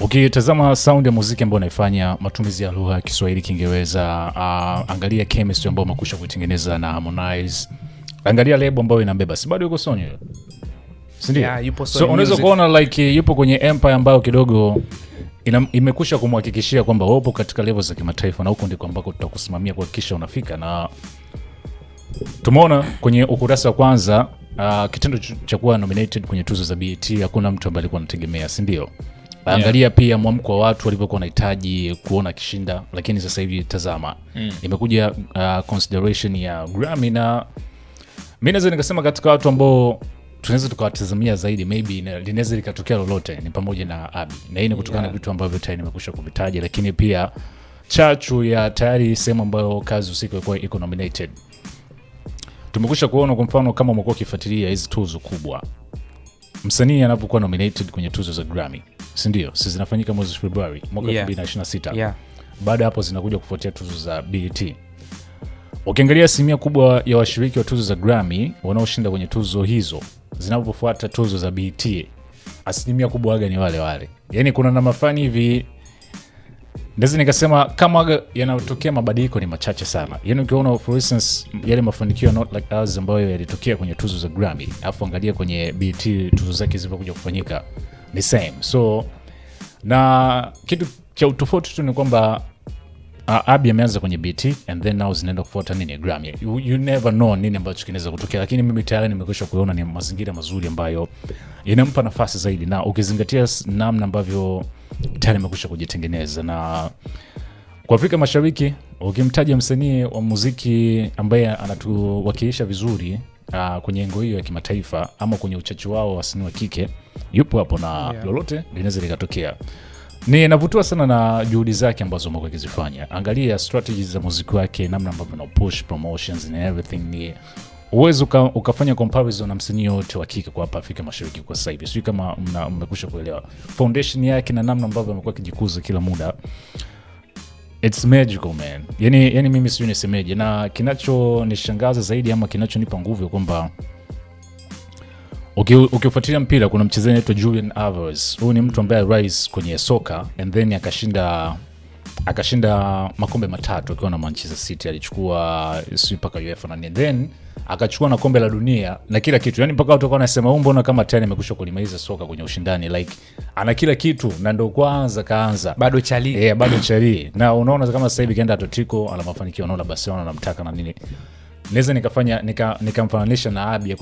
Ukitazama okay, sound ya muziki ambayo unaifanya, matumizi ya lugha ya Kiswahili, Kiingereza, uh, angalia chemistry ambayo umekusha kuitengeneza na Harmonize, angalia lebo ambayo inabeba si bado yuko Sony, si ndio? Yeah, yupo Sony. So unaweza kuona like yupo kwenye empire ambayo kidogo ina, imekusha kumhakikishia kwamba upo katika level za kimataifa na huko ndiko ambako tutakusimamia kuhakikisha unafika, na tumeona kwenye ukurasa wa kwanza uh, kitendo cha kuwa nominated kwenye tuzo za BET hakuna mtu ambaye alikuwa anategemea, si ndio? Angalia yeah. Pia mwamko wa watu walivyokuwa wanahitaji kuona kishinda, lakini sasa hivi tazama, mm. imekuja uh, consideration ya Grammy na mi naweza nikasema katika watu ambao tunaweza tukawatazamia zaidi, maybe linaweza likatokea lolote, ni pamoja na Abi na hii ni kutokana na yeah. vitu ambavyo tayari nimekusha kuvitaja, lakini pia chachu ya tayari sehemu ambayo kazi husika ilikuwa iko nominated. Tumekusha kuona kwa mfano, kama umekuwa ukifuatilia hizi tuzo kubwa, msanii anapokuwa nominated kwenye tuzo za Grammy sindio? Si zinafanyika mwezi Februari mwaka 2026. Yeah. Yeah. Baada ya hapo zinakuja kufuatia tuzo za bt Ukiangalia asilimia kubwa ya washiriki wa tuzo za grami wanaoshinda kwenye tuzo hizo zinapofuata tuzo za bt asilimia kubwa waga ni wale wale. Yaani kuna namna fulani hivi Ndezi nikasema kama waga yanatokea mabadiliko ni machache sana. yani ukiona yale mafanikio not like ours ambayo yalitokea kwenye tuzo za Grammy, alafu angalia kwenye bt tuzo zake zilipokuja kufanyika ni same. So na kitu cha utofauti tu ni kwamba uh, Abi ameanza kwenye BT and then now zinaenda kufuata nini gram You, you never know nini ambacho kinaweza kutokea, lakini mimi tayari nimekwisha kuona ni mazingira mazuri ambayo inampa nafasi zaidi, na ukizingatia namna ambavyo tayari amekwisha kujitengeneza na kwa Afrika Mashariki ukimtaja msanii wa muziki ambaye anatuwakilisha vizuri uh, kwenye engo hiyo ya kimataifa ama kwenye uchache wao wasanii wa kike yupo hapo na yeah. lolote linaweza likatokea. ni navutiwa sana na juhudi zake ambazo amekuwa akizifanya. Angalia strategies za muziki wake, namna ambavyo na push promotions and everything ni uwezi uka, ukafanya comparison na msanii yote wa kike kwa hapa Afrika Mashariki kwa sasa hivi. Sijui kama mmekusha kuelewa foundation yake na namna ambavyo amekuwa akijikuza kila muda. It's magical man. Yani, yani mimi sijui nisemeje, na kinachonishangaza zaidi ama kinachonipa nguvu ya kwamba Ukifuatilia mpira kuna mchezaji anaitwa Julian Alvarez. Huyu ni mtu ambaye rais kwenye soka and then akashinda akashinda makombe matatu akiwa na Manchester City, alichukua si mpaka UEFA na then akachukua na kombe la dunia na kila kitu, yani mpaka watu wanasema huyu mbona kama tayari amekwisha kulimaliza soka kwenye ushindani, like ana kila kitu na ndo kwanza kaanza, bado chali eh, bado chali. Na unaona kama sasa hivi kaenda Atletico, ana mafanikio, unaona Barcelona anamtaka na nini, naweza nikafanya nikamfananisha nika na Abi